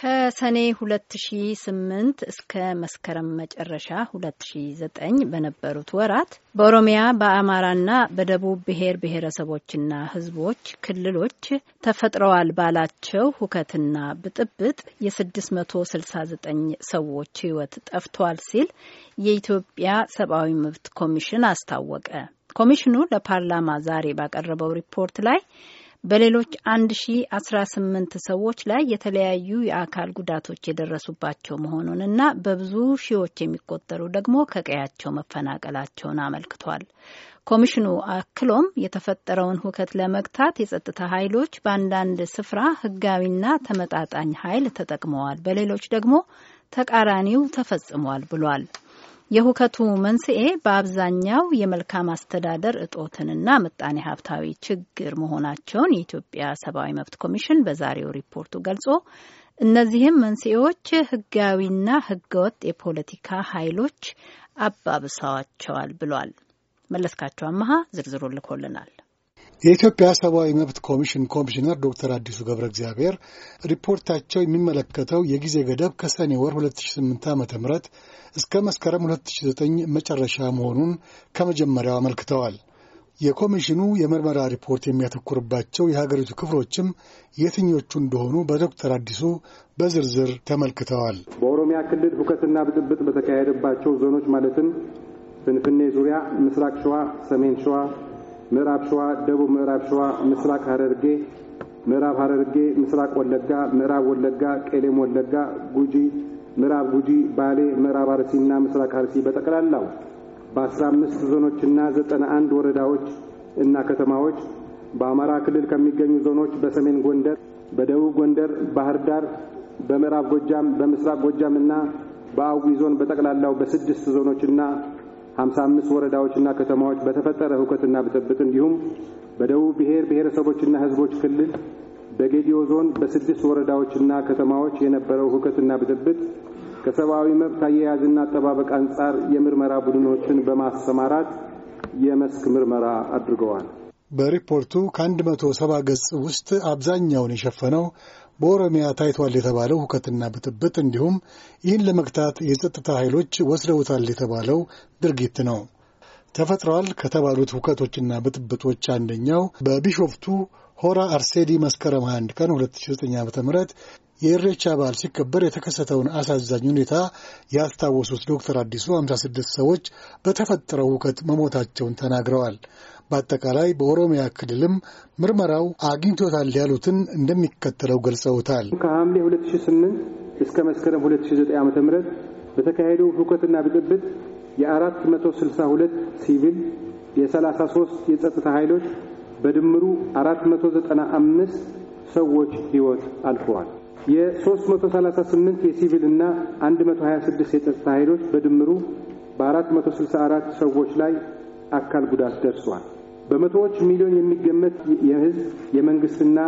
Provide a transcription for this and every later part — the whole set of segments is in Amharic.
ከሰኔ 2008 እስከ መስከረም መጨረሻ 2009 በነበሩት ወራት በኦሮሚያ በአማራና በደቡብ ብሔር ብሔረሰቦችና ሕዝቦች ክልሎች ተፈጥረዋል ባላቸው ሁከትና ብጥብጥ የ669 ሰዎች ሕይወት ጠፍቷል ሲል የኢትዮጵያ ሰብአዊ መብት ኮሚሽን አስታወቀ። ኮሚሽኑ ለፓርላማ ዛሬ ባቀረበው ሪፖርት ላይ በሌሎች 1018 ሰዎች ላይ የተለያዩ የአካል ጉዳቶች የደረሱባቸው መሆኑንና በብዙ ሺዎች የሚቆጠሩ ደግሞ ከቀያቸው መፈናቀላቸውን አመልክቷል። ኮሚሽኑ አክሎም የተፈጠረውን ሁከት ለመግታት የጸጥታ ኃይሎች በአንዳንድ ስፍራ ሕጋዊና ተመጣጣኝ ኃይል ተጠቅመዋል፣ በሌሎች ደግሞ ተቃራኒው ተፈጽሟል ብሏል። የሁከቱ መንስኤ በአብዛኛው የመልካም አስተዳደር እጦትንና ምጣኔ ሀብታዊ ችግር መሆናቸውን የኢትዮጵያ ሰብአዊ መብት ኮሚሽን በዛሬው ሪፖርቱ ገልጾ እነዚህም መንስኤዎች ህጋዊና ህገወጥ የፖለቲካ ኃይሎች አባብሰዋቸዋል ብሏል። መለስካቸው አመሀ ዝርዝሩ ልኮልናል። የኢትዮጵያ ሰብአዊ መብት ኮሚሽን ኮሚሽነር ዶክተር አዲሱ ገብረ እግዚአብሔር ሪፖርታቸው የሚመለከተው የጊዜ ገደብ ከሰኔ ወር 2008 ዓ ም እስከ መስከረም 2009 መጨረሻ መሆኑን ከመጀመሪያው አመልክተዋል። የኮሚሽኑ የምርመራ ሪፖርት የሚያተኩርባቸው የሀገሪቱ ክፍሎችም የትኞቹ እንደሆኑ በዶክተር አዲሱ በዝርዝር ተመልክተዋል። በኦሮሚያ ክልል ሁከትና ብጥብጥ በተካሄደባቸው ዞኖች ማለትም ፍንፍኔ ዙሪያ፣ ምስራቅ ሸዋ፣ ሰሜን ሸዋ ምዕራብ ሸዋ፣ ደቡብ ምዕራብ ሸዋ፣ ምስራቅ ሐረርጌ፣ ምዕራብ ሐረርጌ፣ ምስራቅ ወለጋ፣ ምዕራብ ወለጋ፣ ቄሌም ወለጋ፣ ጉጂ፣ ምዕራብ ጉጂ፣ ባሌ፣ ምዕራብ አርሲና ምስራቅ አርሲ በጠቅላላው በአስራ 15 ዞኖችና ዘጠና አንድ ወረዳዎች እና ከተማዎች በአማራ ክልል ከሚገኙ ዞኖች በሰሜን ጎንደር፣ በደቡብ ጎንደር፣ ባህር ዳር፣ በምዕራብ ጎጃም፣ በምስራቅ ጎጃም እና በአዊ ዞን በጠቅላላው በስድስት ዞኖችና ሀምሳ አምስት ወረዳዎችና ከተማዎች በተፈጠረ ህውከትና ብጥብጥ እንዲሁም በደቡብ ብሔር ብሔረሰቦችና ህዝቦች ክልል በጌዲዮ ዞን በስድስት ወረዳዎችና ከተማዎች የነበረው ህውከትና ብጥብጥ ከሰብአዊ መብት አያያዝና አጠባበቅ አንጻር የምርመራ ቡድኖችን በማሰማራት የመስክ ምርመራ አድርገዋል። በሪፖርቱ ከአንድ መቶ ሰባ ገጽ ውስጥ አብዛኛውን የሸፈነው በኦሮሚያ ታይቷል የተባለው ሁከትና ብጥብጥ እንዲሁም ይህን ለመግታት የጸጥታ ኃይሎች ወስደውታል የተባለው ድርጊት ነው። ተፈጥረዋል ከተባሉት ሁከቶችና ብጥብጦች አንደኛው በቢሾፍቱ ሆራ አርሴዲ መስከረም 21 ቀን 2009 ዓ ም የእሬቻ በዓል ሲከበር የተከሰተውን አሳዛኝ ሁኔታ ያስታወሱት ዶክተር አዲሱ 56 ሰዎች በተፈጠረው ሁከት መሞታቸውን ተናግረዋል። በአጠቃላይ በኦሮሚያ ክልልም ምርመራው አግኝቶታል ያሉትን እንደሚከተለው ገልጸውታል። ከሐምሌ 2008 እስከ መስከረም 2009 ዓ ም በተካሄደው ሁከትና ብጥብጥ የ462 ሲቪል የ33 የጸጥታ ኃይሎች በድምሩ 495 ሰዎች ሕይወት አልፈዋል። የ338 የሲቪል እና 126 የጸጥታ ኃይሎች በድምሩ በ464 ሰዎች ላይ አካል ጉዳት ደርሷል። በመቶዎች ሚሊዮን የሚገመት የህዝብ የመንግስትና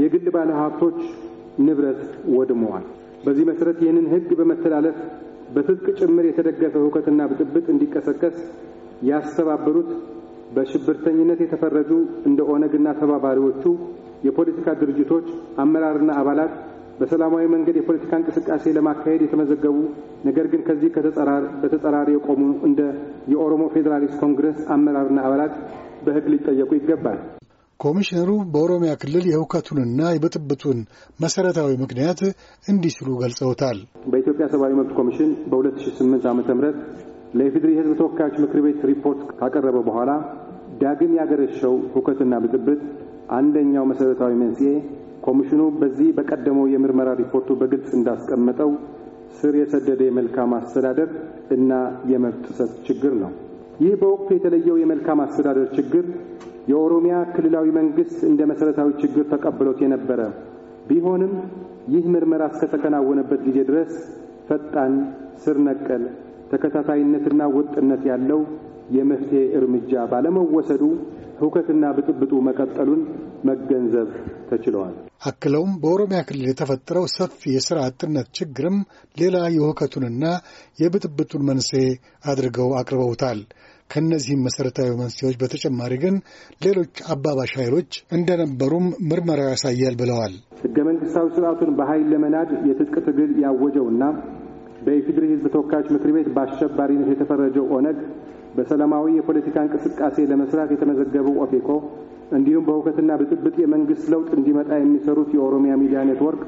የግል ባለሀብቶች ንብረት ወድመዋል። በዚህ መሰረት ይህንን ህግ በመተላለፍ በትጥቅ ጭምር የተደገፈ ሁከትና ብጥብጥ እንዲቀሰቀስ ያስተባበሩት በሽብርተኝነት የተፈረጁ እንደ ኦነግና ተባባሪዎቹ የፖለቲካ ድርጅቶች አመራርና አባላት በሰላማዊ መንገድ የፖለቲካ እንቅስቃሴ ለማካሄድ የተመዘገቡ ነገር ግን ከዚህ በተጸራሪ የቆሙ እንደ የኦሮሞ ፌዴራሊስት ኮንግረስ አመራርና አባላት በሕግ ሊጠየቁ ይገባል። ኮሚሽነሩ በኦሮሚያ ክልል የሁከቱንና የብጥብጡን መሠረታዊ ምክንያት እንዲህ ሲሉ ገልጸውታል። በኢትዮጵያ ሰብአዊ መብት ኮሚሽን በ2008 ዓ ም ለኢፌዴሪ ህዝብ ተወካዮች ምክር ቤት ሪፖርት ካቀረበ በኋላ ዳግም ያገረሸው ሁከትና ብጥብጥ አንደኛው መሠረታዊ መንስኤ ኮሚሽኑ በዚህ በቀደመው የምርመራ ሪፖርቱ በግልጽ እንዳስቀመጠው ስር የሰደደ የመልካም አስተዳደር እና የመብት ጥሰት ችግር ነው። ይህ በወቅቱ የተለየው የመልካም አስተዳደር ችግር የኦሮሚያ ክልላዊ መንግስት እንደ መሠረታዊ ችግር ተቀብሎት የነበረ ቢሆንም ይህ ምርመራ እስከተከናወነበት ጊዜ ድረስ ፈጣን፣ ስር ነቀል፣ ተከታታይነትና ወጥነት ያለው የመፍትሄ እርምጃ ባለመወሰዱ ህውከትና ብጥብጡ መቀጠሉን መገንዘብ ተችለዋል። አክለውም በኦሮሚያ ክልል የተፈጠረው ሰፊ የሥራ አጥነት ችግርም ሌላ የሁከቱንና የብጥብጡን መንስኤ አድርገው አቅርበውታል። ከእነዚህም መሠረታዊ መንስኤዎች በተጨማሪ ግን ሌሎች አባባሽ ኃይሎች እንደነበሩም ምርመራው ያሳያል ብለዋል። ሕገ መንግሥታዊ ሥርዓቱን በኃይል ለመናድ የትጥቅ ትግል ያወጀውና በኢፌዴሪ ሕዝብ ተወካዮች ምክር ቤት በአሸባሪነት የተፈረጀው ኦነግ በሰላማዊ የፖለቲካ እንቅስቃሴ ለመስራት የተመዘገበው ኦፌኮ እንዲሁም በሁከትና ብጥብጥ የመንግስት ለውጥ እንዲመጣ የሚሰሩት የኦሮሚያ ሚዲያ ኔትወርክ፣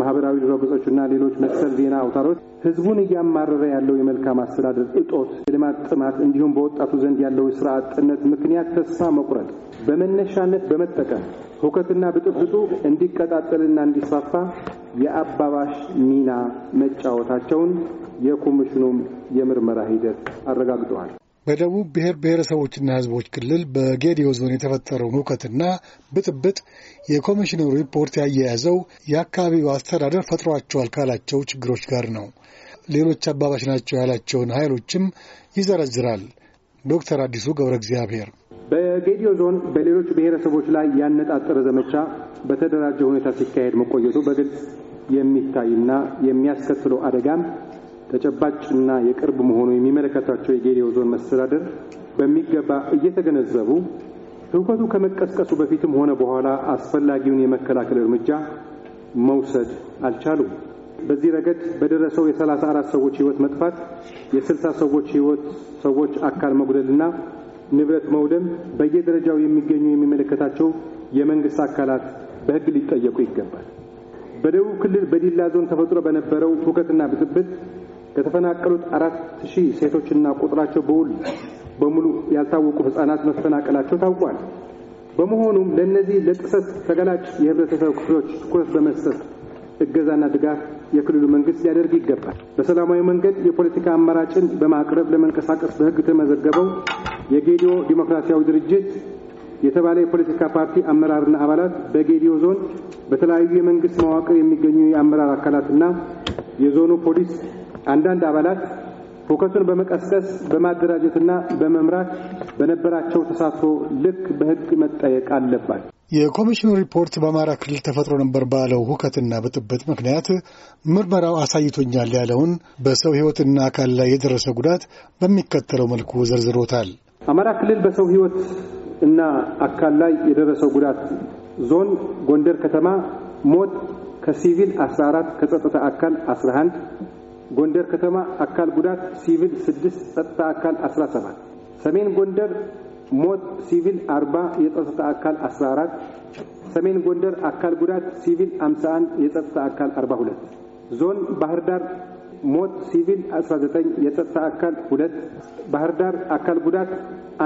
ማህበራዊ ድረገጾችና ሌሎች መሰል ዜና አውታሮች ህዝቡን እያማረረ ያለው የመልካም አስተዳደር እጦት፣ የልማት ጥማት እንዲሁም በወጣቱ ዘንድ ያለው የስራ አጥነት ምክንያት ተስፋ መቁረጥ በመነሻነት በመጠቀም ሁከትና ብጥብጡ እንዲቀጣጠልና እንዲስፋፋ የአባባሽ ሚና መጫወታቸውን የኮሚሽኑም የምርመራ ሂደት አረጋግጠዋል። በደቡብ ብሔር ብሔረሰቦችና ሕዝቦች ክልል በጌዲዮ ዞን የተፈጠረውን ሁከትና ብጥብጥ የኮሚሽኑ ሪፖርት ያያያዘው የአካባቢው አስተዳደር ፈጥሯቸዋል ካላቸው ችግሮች ጋር ነው። ሌሎች አባባሽ ናቸው ያላቸውን ኃይሎችም ይዘረዝራል። ዶክተር አዲሱ ገብረ እግዚአብሔር በጌዲዮ ዞን በሌሎች ብሔረሰቦች ላይ ያነጣጠረ ዘመቻ በተደራጀ ሁኔታ ሲካሄድ መቆየቱ በግልጽ የሚታይና የሚያስከትለው አደጋም ተጨባጭና የቅርብ መሆኑ የሚመለከታቸው የጌዲዮ ዞን መስተዳደር በሚገባ እየተገነዘቡ ህውከቱ ከመቀስቀሱ በፊትም ሆነ በኋላ አስፈላጊውን የመከላከል እርምጃ መውሰድ አልቻሉም። በዚህ ረገድ በደረሰው የ34 ሰዎች ህይወት መጥፋት፣ የ60 ሰዎች ህይወት ሰዎች አካል መጉደልና ንብረት መውደም በየደረጃው የሚገኙ የሚመለከታቸው የመንግስት አካላት በህግ ሊጠየቁ ይገባል። በደቡብ ክልል በዲላ ዞን ተፈጥሮ በነበረው ሁከትና ብጥብጥ ከተፈናቀሉት አራት ሺህ ሴቶችና ቁጥራቸው በውል በሙሉ ያልታወቁ ህጻናት መፈናቀላቸው ታውቋል። በመሆኑም ለእነዚህ ለጥሰት ተገላጭ የህብረተሰብ ክፍሎች ትኩረት በመስጠት እገዛና ድጋፍ የክልሉ መንግስት ሊያደርግ ይገባል። በሰላማዊ መንገድ የፖለቲካ አማራጭን በማቅረብ ለመንቀሳቀስ በህግ የተመዘገበው የጌዲዮ ዲሞክራሲያዊ ድርጅት የተባለ የፖለቲካ ፓርቲ አመራርና አባላት በጌዲዮ ዞን በተለያዩ የመንግስት መዋቅር የሚገኙ የአመራር አካላትና የዞኑ ፖሊስ አንዳንድ አባላት ሁከቱን በመቀስቀስ በማደራጀትና በመምራት በነበራቸው ተሳትፎ ልክ በሕግ መጠየቅ አለባት። የኮሚሽኑ ሪፖርት በአማራ ክልል ተፈጥሮ ነበር ባለው ሁከትና ብጥብጥ ምክንያት ምርመራው አሳይቶኛል ያለውን በሰው ሕይወትና አካል ላይ የደረሰ ጉዳት በሚከተለው መልኩ ዘርዝሮታል። አማራ ክልል በሰው ሕይወት እና አካል ላይ የደረሰው ጉዳት ዞን ጎንደር ከተማ ሞት ከሲቪል 14 ከጸጥታ አካል 11 ጎንደር ከተማ አካል ጉዳት ሲቪል ስድስት ጸጥታ አካል 17 ሰሜን ጎንደር ሞት ሲቪል 40 የጸጥታ አካል 14 ሰሜን ጎንደር አካል ጉዳት ሲቪል 51 የጸጥታ አካል 42 ዞን ባህር ዳር ሞት ሲቪል 19 የጸጥታ አካል 2 ባህር ዳር አካል ጉዳት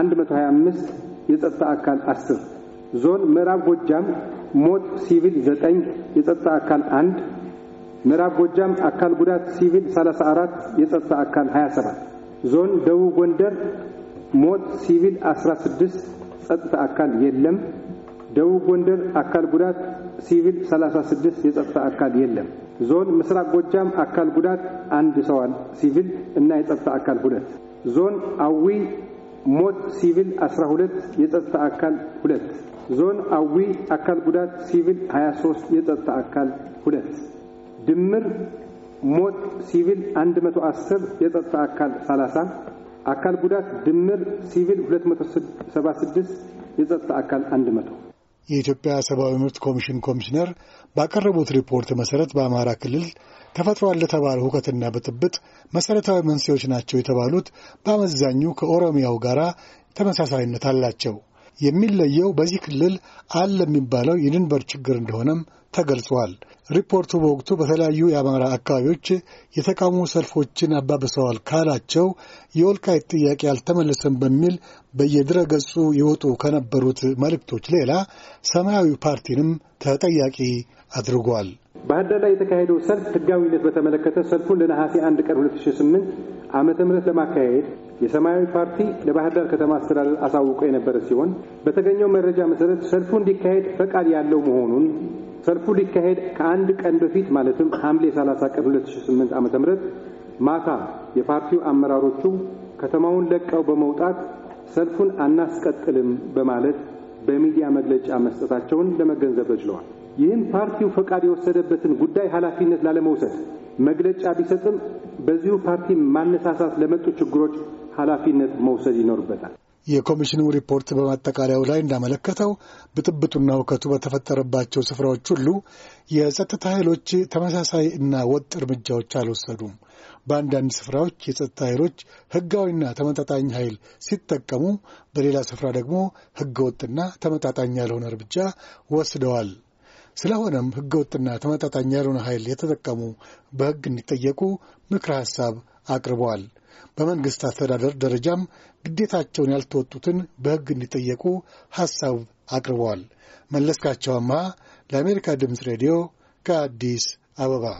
125 የጸጥታ አካል 10 ዞን ምዕራብ ጎጃም ሞት ሲቪል 9 የጸጥታ አካል 1 ምዕራብ ጎጃም አካል ጉዳት ሲቪል 34 የጸጥታ አካል 27 ዞን ደቡብ ጎንደር ሞት ሲቪል 16 ጸጥታ አካል የለም ደቡብ ጎንደር አካል ጉዳት ሲቪል 36 የጸጥታ አካል የለም ዞን ምስራቅ ጎጃም አካል ጉዳት አንድ ሰዋል ሲቪል እና የጸጥታ አካል ሁለት ዞን አዊ ሞት ሲቪል 12 የጸጥታ አካል ሁለት ዞን አዊ አካል ጉዳት ሲቪል 23 የጸጥታ አካል ሁለት ድምር ሞት ሲቪል 110 የጸጥታ አካል 30 አካል ጉዳት ድምር ሲቪል 276 የጸጥታ አካል 100። የኢትዮጵያ ሰብአዊ መብት ኮሚሽን ኮሚሽነር ባቀረቡት ሪፖርት መሰረት በአማራ ክልል ተፈጥሯል ለተባለ ሁከትና ብጥብጥ መሰረታዊ መንስኤዎች ናቸው የተባሉት በአመዛኙ ከኦሮሚያው ጋር ተመሳሳይነት አላቸው። የሚለየው በዚህ ክልል አለ የሚባለው የድንበር ችግር እንደሆነም ተገልጿል። ሪፖርቱ በወቅቱ በተለያዩ የአማራ አካባቢዎች የተቃውሞ ሰልፎችን አባብሰዋል ካላቸው የወልቃይት ጥያቄ አልተመለሰም በሚል በየድረ ገጹ የወጡ ከነበሩት መልእክቶች ሌላ ሰማያዊ ፓርቲንም ተጠያቂ አድርጓል። ባህር ዳር ላይ የተካሄደው ሰልፍ ህጋዊነት በተመለከተ ሰልፉን ለነሐሴ 1 ቀን 2008 ዓ ም ለማካሄድ የሰማያዊ ፓርቲ ለባህር ዳር ከተማ አስተዳደር አሳውቆ የነበረ ሲሆን በተገኘው መረጃ መሰረት ሰልፉ እንዲካሄድ ፈቃድ ያለው መሆኑን ሰልፉ ሊካሄድ ከአንድ ቀን በፊት ማለትም ሐምሌ 30 ቀን 2008 ዓ ም ማታ የፓርቲው አመራሮቹ ከተማውን ለቀው በመውጣት ሰልፉን አናስቀጥልም በማለት በሚዲያ መግለጫ መስጠታቸውን ለመገንዘብ ተችለዋል። ይህም ፓርቲው ፈቃድ የወሰደበትን ጉዳይ ኃላፊነት ላለመውሰድ መግለጫ ቢሰጥም በዚሁ ፓርቲ ማነሳሳት ለመጡ ችግሮች ኃላፊነት መውሰድ ይኖርበታል። የኮሚሽኑ ሪፖርት በማጠቃለያው ላይ እንዳመለከተው ብጥብጡና እውከቱ በተፈጠረባቸው ስፍራዎች ሁሉ የጸጥታ ኃይሎች ተመሳሳይ እና ወጥ እርምጃዎች አልወሰዱም። በአንዳንድ ስፍራዎች የጸጥታ ኃይሎች ሕጋዊና ተመጣጣኝ ኃይል ሲጠቀሙ፣ በሌላ ስፍራ ደግሞ ህገወጥና ተመጣጣኝ ያልሆነ እርምጃ ወስደዋል። ስለሆነም ወጥና ተመጣጣኝ ያልሆነ ኃይል የተጠቀሙ በሕግ እንዲጠየቁ ምክረ ሐሳብ አቅርበዋል። በመንግሥት አስተዳደር ደረጃም ግዴታቸውን ያልተወጡትን በሕግ እንዲጠየቁ ሐሳብ አቅርበዋል። መለስካቸው አምሃ ለአሜሪካ ድምፅ ሬዲዮ ከአዲስ አበባ